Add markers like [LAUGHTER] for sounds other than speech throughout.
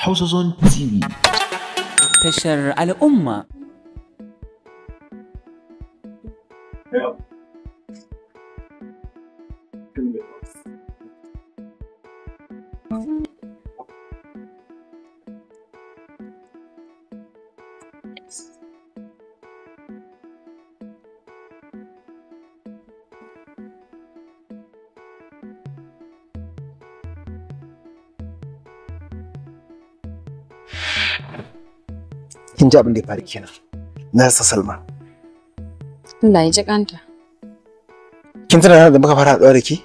حصص تي في تشر الأمة ji abin da ya faru kenan sa salma Allah ya ji kanta kin tana da muka fara haɗuwa da ki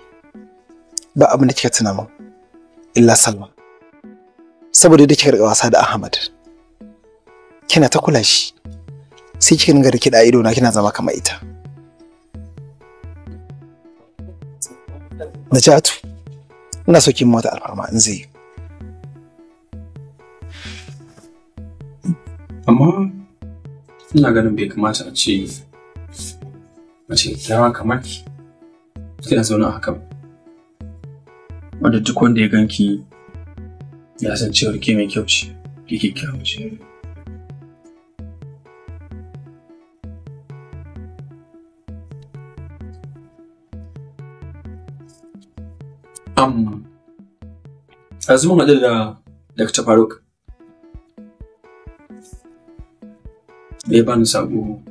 ba abin da kika tuna mun illa salma saboda da kika riga wasa da ahmad kina ta kula shi sai kika dinga rikida ido na kina zama kamar ita Najatu, ina so kin mota alfarma in zai yi. amma ina ganin bai kamata a ce mace kyakkyawa kamar ki kina zaune a haka ba wanda duk wanda ya ganki ya san cewar ke mai kyau ce ke kyakkyawa ce Amma. a zuwan da Dr. Faruk, da ya bani sako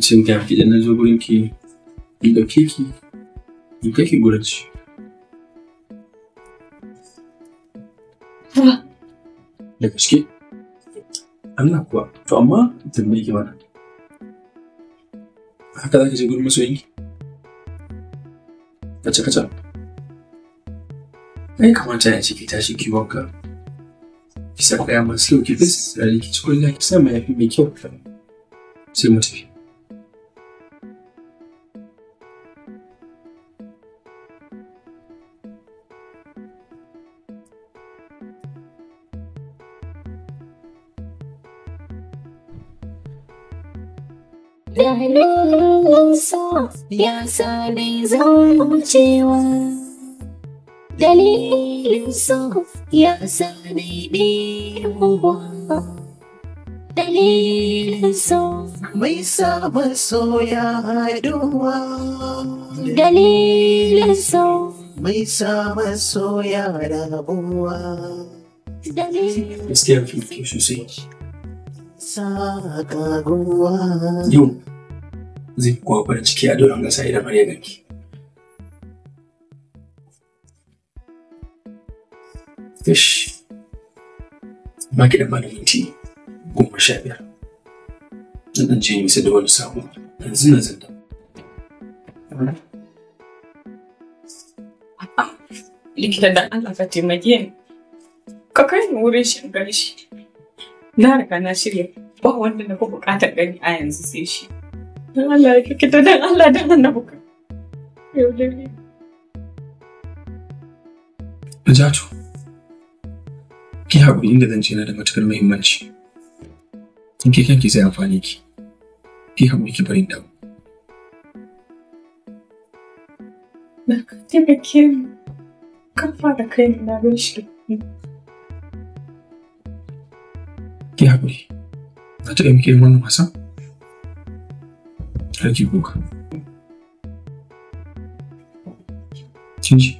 ce ga ki da na zo gurin ki in dauke ki in kai ki gurin shi da gaske Allah kuwa to amma mai ki mana haka za ki je gurin masoyinki kace kace ai kamata ya ce ki tashi ki wanka Kisema ya masikio kipesi alikichukulia kisema imechoka. Timothy. Da lulu so ya sa dai zan wucewa. Dalilin so ya sa ni ɗimuwa dalilin so mai saba soya haɗuwa dalilin so mai saba soya rabuwa gaskiya fi ke sosai saka guwa yau zai kuma farin ciki a doron gasa idan da ya ganki fish maki da malaminti goma sha biyar zan ɗan je nisa da wani sabo yanzu na zan likita dan Allah ka taimake ni ka kai ni wurin shan shi na riga na shirya ba wanda na fi buƙatar gani a yanzu sai shi dan Allah likita dan Allah dan annabi ka yau da ni. Najatu ki haƙuri inda zan ce yana da matuƙar muhimmanci in ke kanki zai amfani ki ki haƙuri ki bari dawo na ka taimake ke kafa da kai na gan shi ki haƙuri za ta ɗauki wannan wasan kar ki kuka kin ji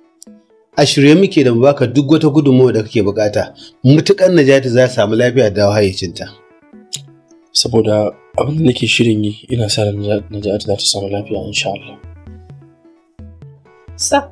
a shirye muke da mu baka duk wata gudunmawa da kake bukata mutukan najati za samu lafiya da hayyacinta saboda abin da nake shirin yi ina sa najati za ta samu lafiya insha Allah sa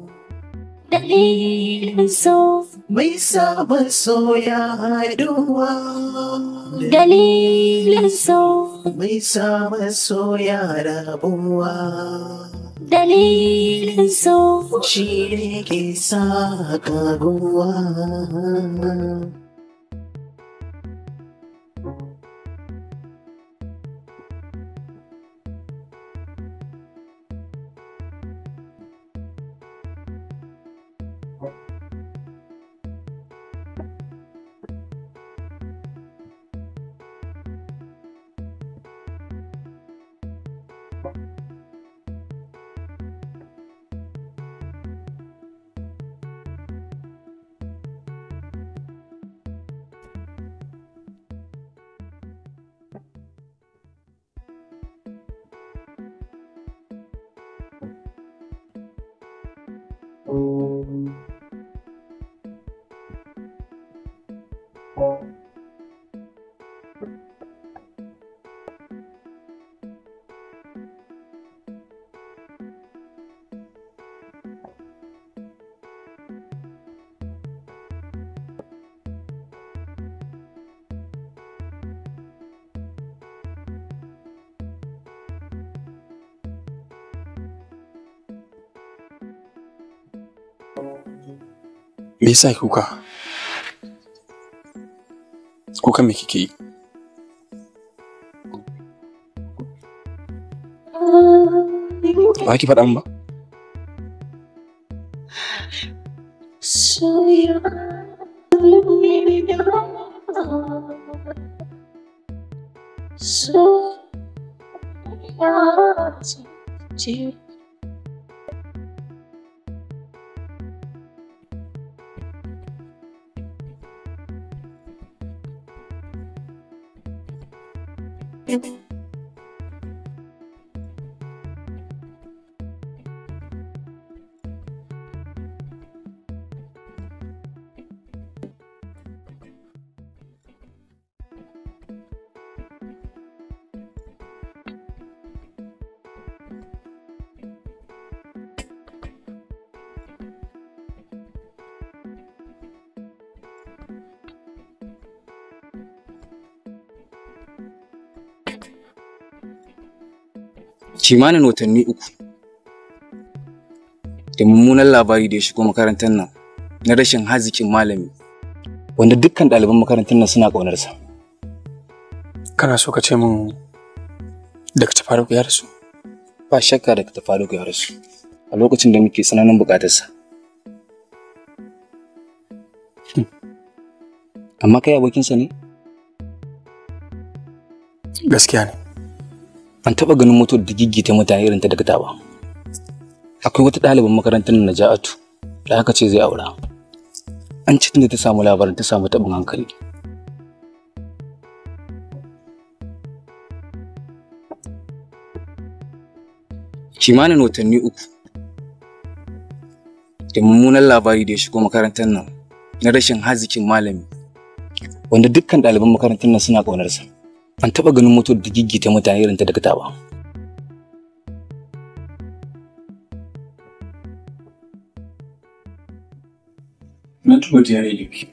dalilin so mai sa soya haduwa dalilin so mai sa soya rabuwa dalilin so shi ne ke sa kaguwa Thank Me yasa kuka? Kuka me kike yi? Ba ki faɗa ba? So, kimanin watanni uku da mummunan labari da ya shigo makarantar nan na rashin hazikin malami wanda dukkan ɗaliban makarantar nan suna ƙaunarsa. Kana so ka ce min daga tafaruk ya rasu? Ba shakka daga tafaruk ya rasu a lokacin da muke tsananin buƙatarsa. Amma kai abokinsa ne? Gaskiya ne. An taɓa ganin motar da giggita mutane irin ta ta ba akwai wata ɗaliban makarantar najatu da aka ce zai aura an ci da ta samu labarin ta samu taɓin hankali kimanin watanni uku da mummunan labari da ya shigo makarantar nan na rashin hazikin malami wanda dukkan ɗaliban makarantar nan suna ƙaunarsa. an taɓa ganin motar da giggita mutane irin ta daga ba na tuba da yare da ke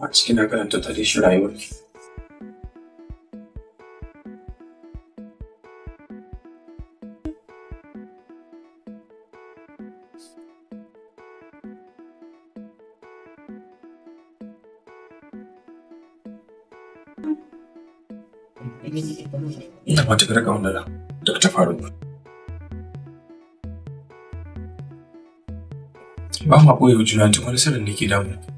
a cikin ta tare shi rayuwarki matuƙar ƙaunara da ta faru. Ba ma ɓoye juna duk wani sirrin da ke damu.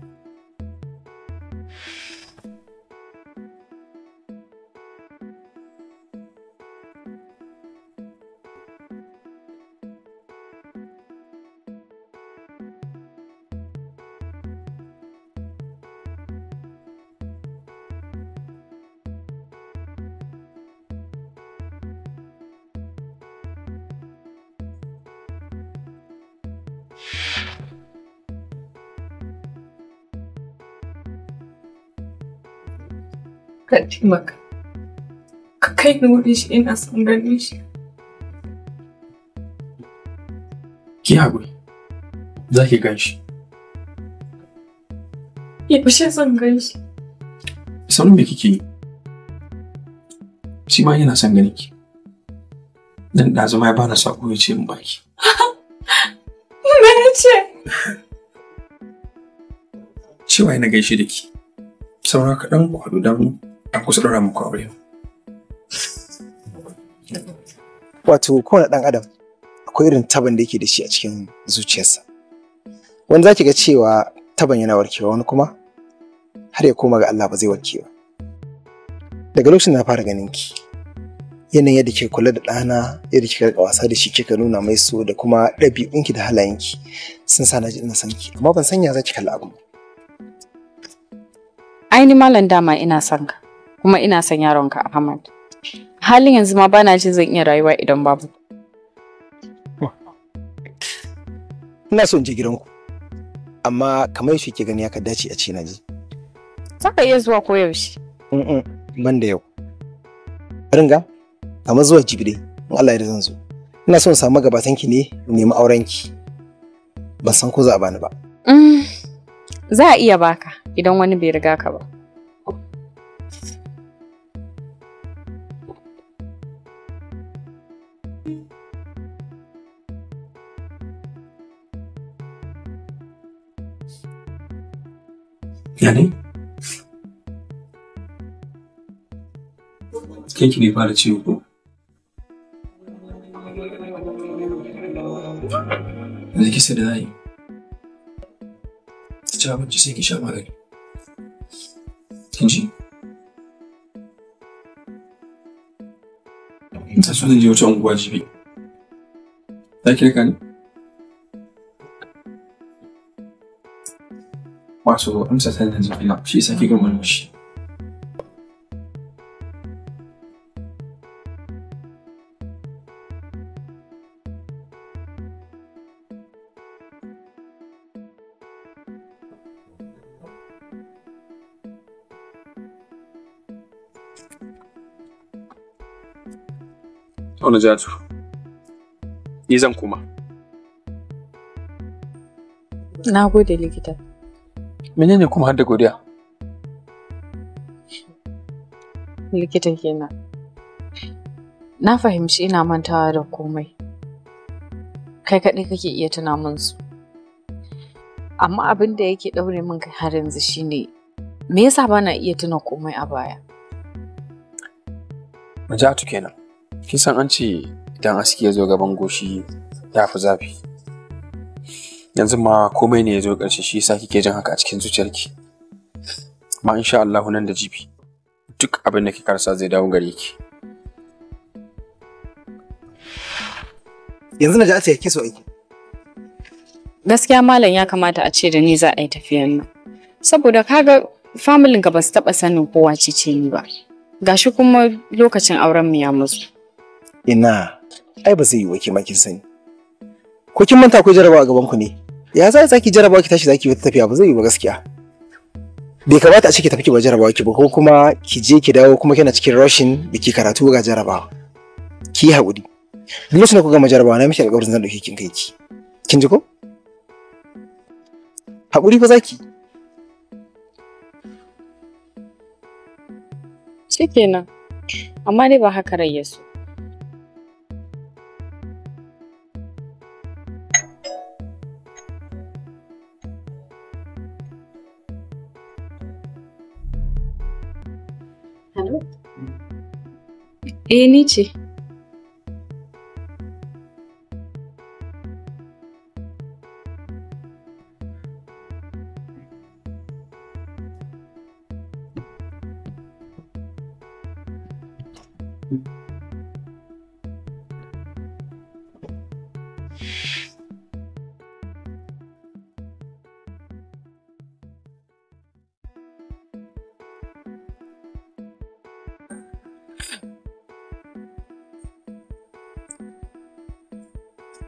ka taimaka ka kai ni shi ina son ganin shi ki haƙuri za ki gan shi yaushe zan gan shi sauran me kike yi shi ma yana son ganin ki dan ɗazuma ya bani saƙo ya ce min baki [LAUGHS] me ce cewa yana gaishe da ki saura kaɗan ku haɗu mu. an kusa ɗora muku aure. Wato kowane ɗan adam akwai irin taban da yake da shi a cikin zuciyarsa. Wani za ki ga cewa taban yana warkewa wani kuma har ya koma ga Allah ba zai warke ba. Daga lokacin na fara ganin ki yanayin yadda ke kula da ɗana yadda kika riƙa wasa da shi kika nuna mai so da kuma ɗabi'unki da halayenki sun sa na ji ina san ki amma ban sanya za ki kalli abu. Ai malam dama ina son ka. kuma ina son yaronka Ahmad. Halin yanzu ma bana jin zan iya rayuwa idan babu. Ina son je gidanku. Amma kamar shi ke gani ya dace a ce na ji. Saka iya zuwa koyaushe. Ban da yau. Ringa, kamar zuwa jibi in Allah ya zan zo. Ina son samu ki ne nemi aurenki. Ban san ko za a bani ba. Mm, za a iya baka idan wani bai riga ka ba. Yani? Keki ne fara ciwo ko? Yanzu kisa da zai. Ki ci abinci sai ki sha magani. Kin ji? Ta so zan wato amsa ta da zafiya shi ga murmushi Wani jatu, ni zan kuma. Na gode likita. menene kuma har da godiya likita kenan na fahimci ina mantawa da komai kai kaɗai kake iya tuna min su amma abin da yake ɗaure min kai har yanzu shine me yasa ba na iya tuna komai a baya majatu kenan kin san an ce idan aski ya zo gaban goshi ya fi zafi yanzu ma komai ne ya zo ƙarshe shi yasa kike jin haka a cikin zuciyarki ma insha Allah nan da jibi duk abin da ke karsa zai dawo gare ki yanzu na ji asa yake so aiki gaskiya malam ya kamata a ce da ni za a yi tafiyar nan saboda kaga familin ka ba su taba sanin kowa ce ce ni ba gashi kuma lokacin auren mu ya musu ina ai ba zai yi wake makin sani ko kin manta ko jarabawa gaban ku ne ya za ki jarabawa ki tashi za ki wata tafiya ba zai yi ba gaskiya bai kamata a ce ki tafi ki ba jarabawa ki ba ko kuma ki je ki dawo kuma kina cikin rashin da ki karatu ga jarabawa ki haƙuri duk lokacin da ku gama jarabawa na miki alƙawarin zan dauke kin kai ki kin ji ko haƙuri fa zaki shikenan amma ne ba haka rai એ નીચે Thank you.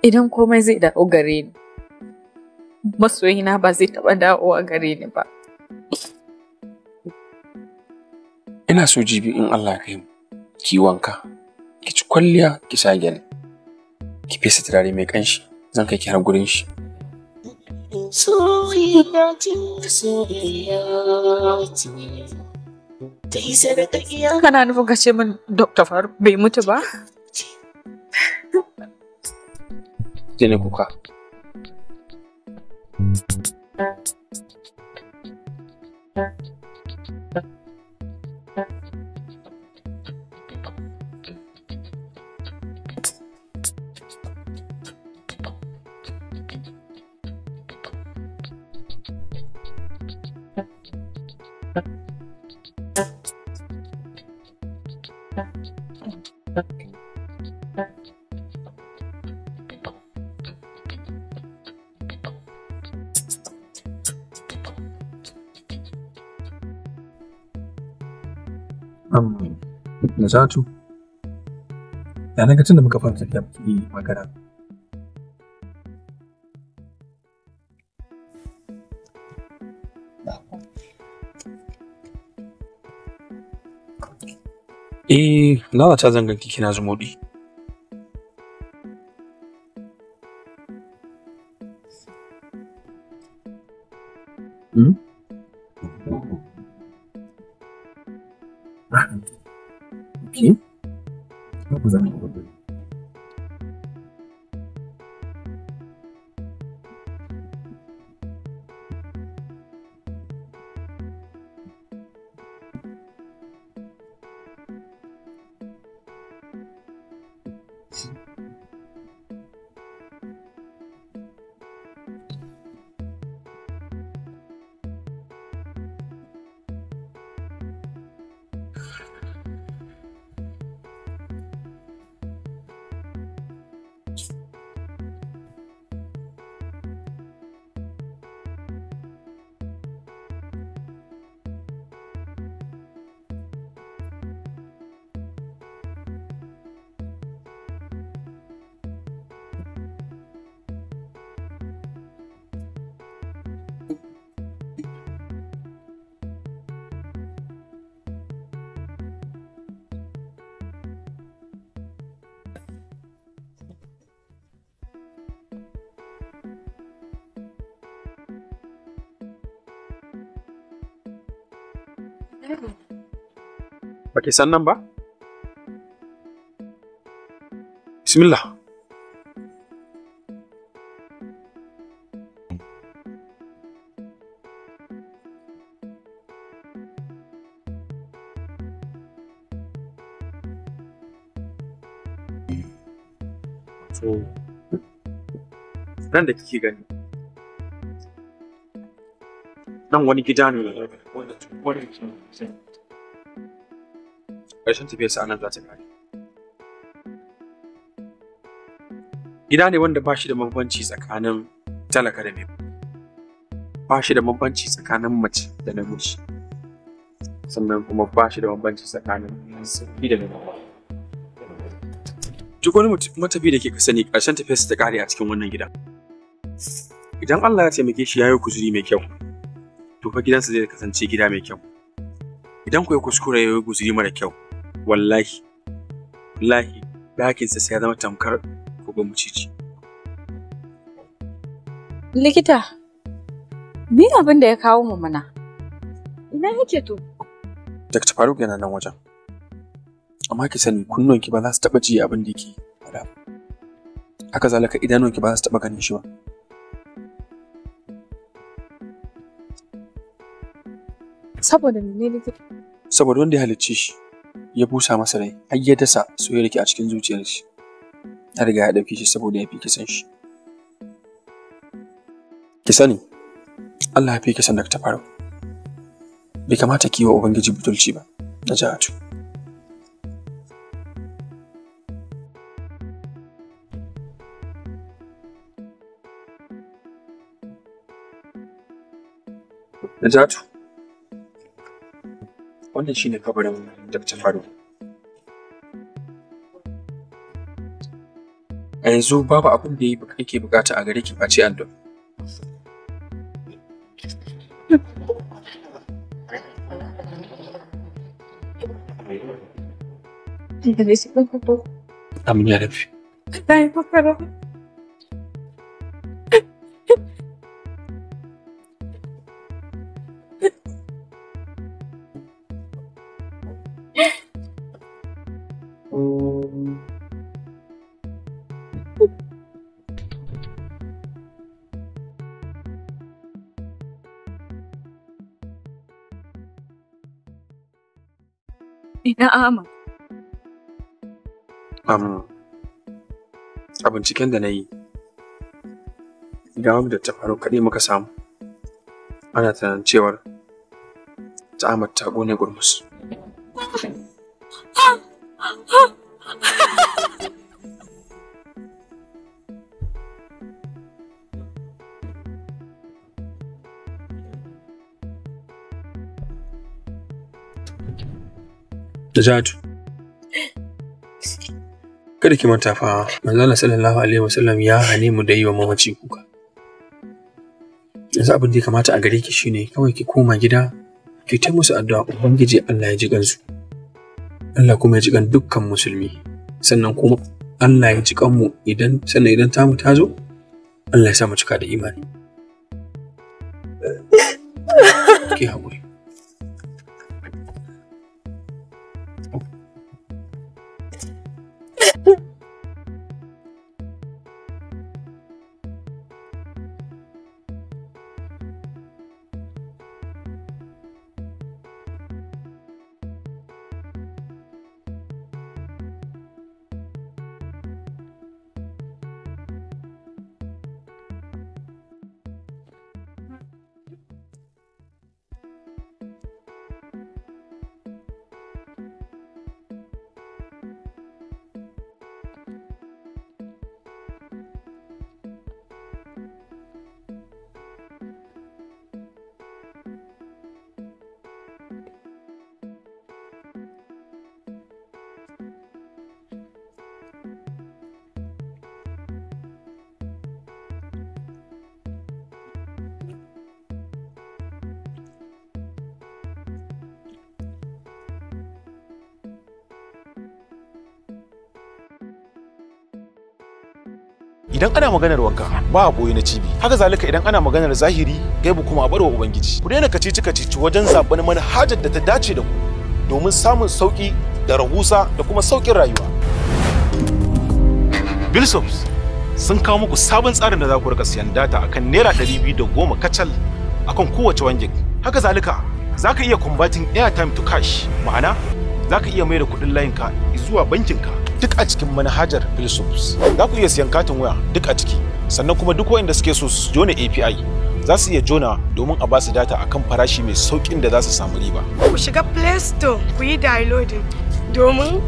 idan komai zai dawo gare ni masoyina ba zai taɓa dawowa gare ni ba ina so jibi in Allah kai mu ki wanka ki ci kwalliya ki sa gyale ki fesa turare mai kanshi zan kai ki har gurin shi soyayya ce soyayya kana nufin ka ce min Dr. Faruk bai mutu ba tiene Cuca. barakatuh da na da muka fara tafiya muke magana Eh, na zan zanga kiki na zumuɗi. Ba san nan ba? Bismillah. So, nan da kike gani nan wani gida ne wanda wani ƙarshen sa anan za ta kare gida ne wanda ba shi da bambanci tsakanin talaka da mai ba shi da bambanci tsakanin mace da namiji sannan kuma ba shi da bambanci tsakanin sabbi da mai duk wani matafi da ke ka sani ƙarshen tafiyarsa ta kare a cikin wannan gida idan Allah ya taimake shi ya yi kuzuri mai kyau to fa gidansa zai kasance gida mai kyau idan ku yi kuskure ya yi guzuri mara kyau wallahi wallahi ɗakinsa sai ya zama tamkar kogon maciji likita ni abin da ya kawo mu mana ina yake to Dr. Faruk yana nan wajen amma ki sani kunnuwanki ba za su taɓa ji abin da yake faɗa haka zalika idanunki ba za su taɓa ganin shi ba Saboda ne Saboda wanda ya halicce shi ya busa masa rai har ya dasa soyayyar ki a cikin zuciyar shi. Ya riga ya dauki shi saboda ya fi ki san shi. Ki sani, Allah ya fi ki san da ta faru. Bai kamata ki yi wa Ubangiji butulci ba, na Najatu. wannan shine kabarin Dr. Faruk. A yanzu babu abin da yake bukata a gare ki face addu'a. Amin ya rafi. Allah ya maka rahama. ama. Um, a binciken da na yi, gawar da ta faru kaɗai muka samu, ana tunanin cewar ta amur ta ne gurmus. [LAUGHS] jatu. Kada ki manta fa Allah sallallahu alaihi wasallam ya hane mu da yi wa mamaci kuka. Yanzu abin da ya kamata a gare ki shine kawai ki koma gida ki ta musu addu'a Ubangiji Allah ya ji gansu. Allah kuma ya ji gan dukkan musulmi. Sannan kuma Allah ya ji mu idan sannan idan tamu ta zo Allah ya sa mu cika da imani. Ki haƙuri. idan ana maganar wanka ba a boye na cibi haka zalika idan ana maganar zahiri gaibu kuma a barwa ubangiji ku daina kacici kacici wajen zaɓar manhajar da ta dace da ku domin samun sauƙi da rahusa da kuma saukin rayuwa bilsops sun kawo muku sabon tsarin da za ku rika siyan data akan naira ɗari biyu da goma kacal akan kowace wangin haka zalika za ka iya converting airtime to cash ma'ana za ka iya mai da kuɗin layinka zuwa bankin ka. duk a cikin manhajar Philosophes. Za ku iya siyan katin waya duk a ciki, sannan kuma duk waɗanda suke so su jona API za su iya jona domin a ba su data akan farashi mai saukin da za su samu riba. Ku shiga Play Store ku yi downloading domin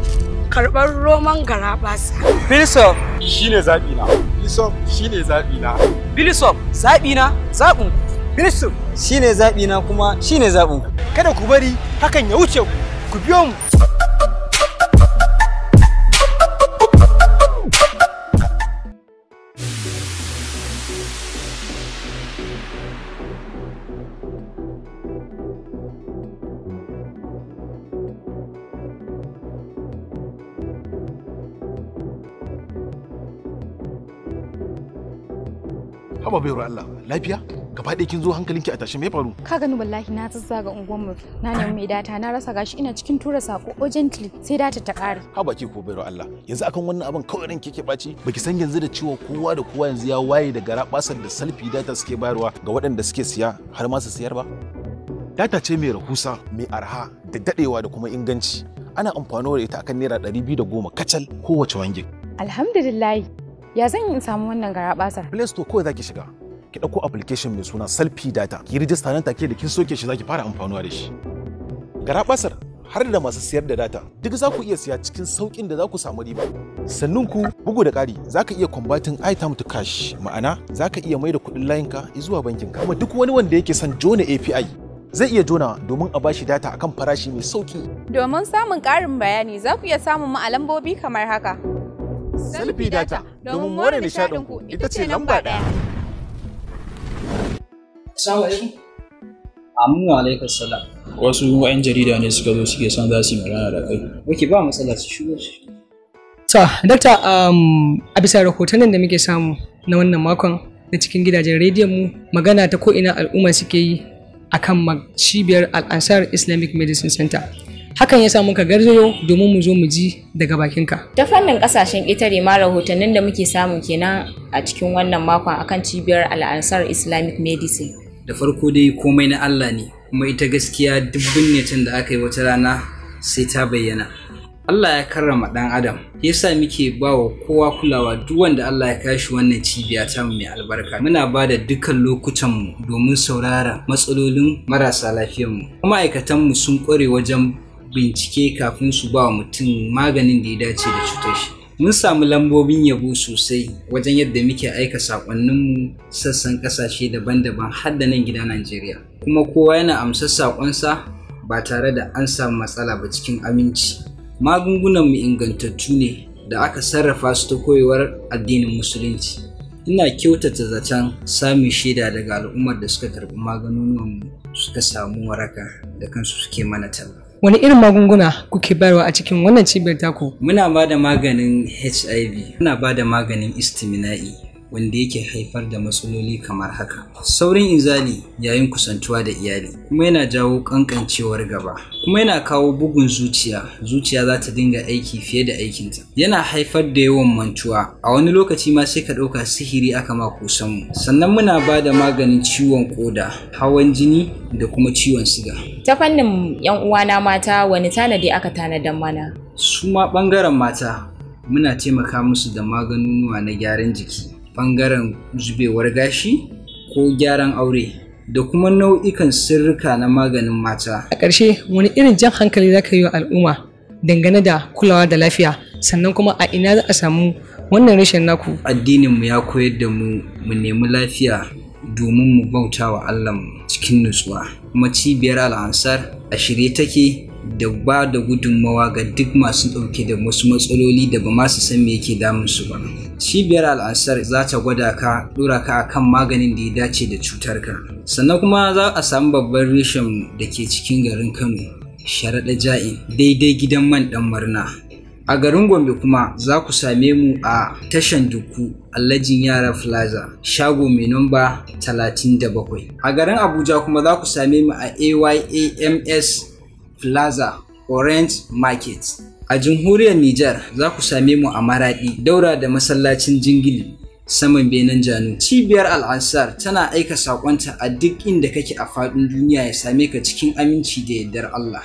karɓar roman garaɓasa. Philosoph shine zaɓi na. Philosoph shine zaɓi na. Philosoph zaɓi na zaɓin. Philosoph shine zaɓi na kuma shine zaɓin. Kada ku bari hakan ya wuce ku. Ku biyo mu. baiwar Allah lafiya gaba ɗaya kin zo hankalinki a tashi mai faru ka gani wallahi na zazzaga ga mu na nemi mai data na rasa gashi ina cikin tura sako urgently sai data ta ƙare ha baki ko baiwar Allah yanzu akan wannan abin kawai ran kike baci baki san yanzu da cewa kowa da kowa yanzu ya waye da gara basar da salfi data suke bayarwa ga waɗanda suke siya har ma su siyar ba data ce mai rahusa mai arha da dadewa da kuma inganci ana amfani da ita akan naira 210 kacal kowace wangin alhamdulillah ya zan in samu wannan garabasar play store kawai zaki shiga ki dauko application mai suna selfie data ki rijista nan take da kin soke shi zaki fara amfanuwa da shi garabasar har da masu siyar da data duk za ku iya siya cikin saukin da za ku samu riba sannan ku bugu da ƙari za ka iya combating item to cash ma'ana za ka iya maida kuɗin ka zuwa ka. kuma duk wani wanda yake son jona api zai iya jona domin a bashi data akan farashi mai sauki domin samun ƙarin bayani za ku iya samun mu a lambobi kamar haka Selfie data domin more nishadinku ita ce lamba ɗaya. Assalamu alaikum. Aminu alaikum salam. Wasu 'yan jarida ne suka zo suke son za su yi magana da kai. Wake ba matsala su shigo su. Ta, dakta um, a bisa rahotannin da muke samu na wannan makon na cikin gidajen rediyon mu magana ta ko ina al'umma suke yi akan cibiyar Al-Ansar Islamic Medicine Center. hakan ya sa muka garzayo domin mu zo mu ji daga bakinka. Ta fannin kasashen ƙetare ma rahotannin da muke samu kenan a cikin wannan makon akan cibiyar al'ansar Islamic Medicine. Da farko dai komai na Allah ne, kuma ita gaskiya duk binnetin da aka yi wata rana sai ta bayyana. Allah ya karrama ɗan Adam, ya sa muke ba wa kowa kulawa duk wanda Allah ya kashi wannan cibiya ta mai albarka. Muna ba da dukkan lokutanmu domin saurara matsalolin marasa lafiyanmu. Ma'aikatanmu sun kware wajen bincike kafin su ba mutum maganin da ya dace da cutar shi mun samu lambobin yabo sosai wajen yadda muke aika sakonninmu sassan kasashe daban-daban har da nan gida najeriya kuma kowa yana amsar sakonsa ba tare da an samu matsala ba cikin aminci magungunanmu ingantattu ne da aka sarrafa su ta koyewar addinin musulunci ina kyautata zaton samun shaida daga al'ummar da suka karɓi maganunuwanmu suka samu waraka da kansu suke mana talla wani irin magunguna kuke bayarwa a cikin wannan cibiyar taku muna ba da maganin hiv muna ba da maganin istimina'i wanda yake haifar da matsaloli kamar haka saurin inzali yayin kusantuwa da iyali kuma yana jawo kankancewar gaba kuma yana kawo bugun zuciya zuciya za ta dinga aiki fiye da aikinta yana haifar da yawan mantuwa a wani lokaci ma sai ka ɗauka sihiri aka ma kusan mu sannan muna ba da maganin ciwon koda hawan jini da kuma ciwon siga ta fannin yan uwana mata wani tanadi aka tanadar mana su ma ɓangaren mata muna taimaka musu da maganunuwa na gyaran jiki Bangaren zubewar gashi ko gyaran aure da kuma nau'ikan sirrika na maganin mata. A ƙarshe wani irin jan hankali za ka yi wa al'umma dangane da kulawa da lafiya sannan kuma a ina za a samu wannan rashin naku. Addininmu ya koyar da mu mu nemi lafiya domin mu bauta wa Allah cikin nutsuwa. Kuma cibiyar al'ansar a shirye take da ba da gudunmawa ga duk masu ɗauke da wasu matsaloli da ba masu san me yake damun su ba. Cibiyar al'asar za ta gwada ka ɗora ka kan maganin da ya dace da cutar ka. Sannan kuma za a samu babban reshen da ke cikin garin Kano, sharaɗa ja'i? daidai gidan man ɗan murna. A garin Gombe kuma za ku same mu a tashan duku Alhajin Yara Plaza, shago mai namba 37. A garin Abuja kuma za ku same mu a AYAMS plaza orange market a jamhuriyar Nijar za ku same mu a Maraɗi daura da masallacin jingili saman benin janu cibiyar al'ansar tana aika saƙonta a duk inda kake a faɗin duniya ya same ka cikin aminci da yardar allah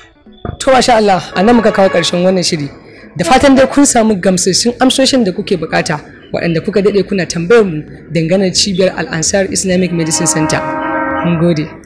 to masha allah a nan muka kawo ƙarshen wannan shiri da fatan dai kun samu gamsassun amsoshin da kuke bukata waɗanda kuka daɗe kuna tambayar mu dangane cibiyar al'ansar islamic medicine center mun gode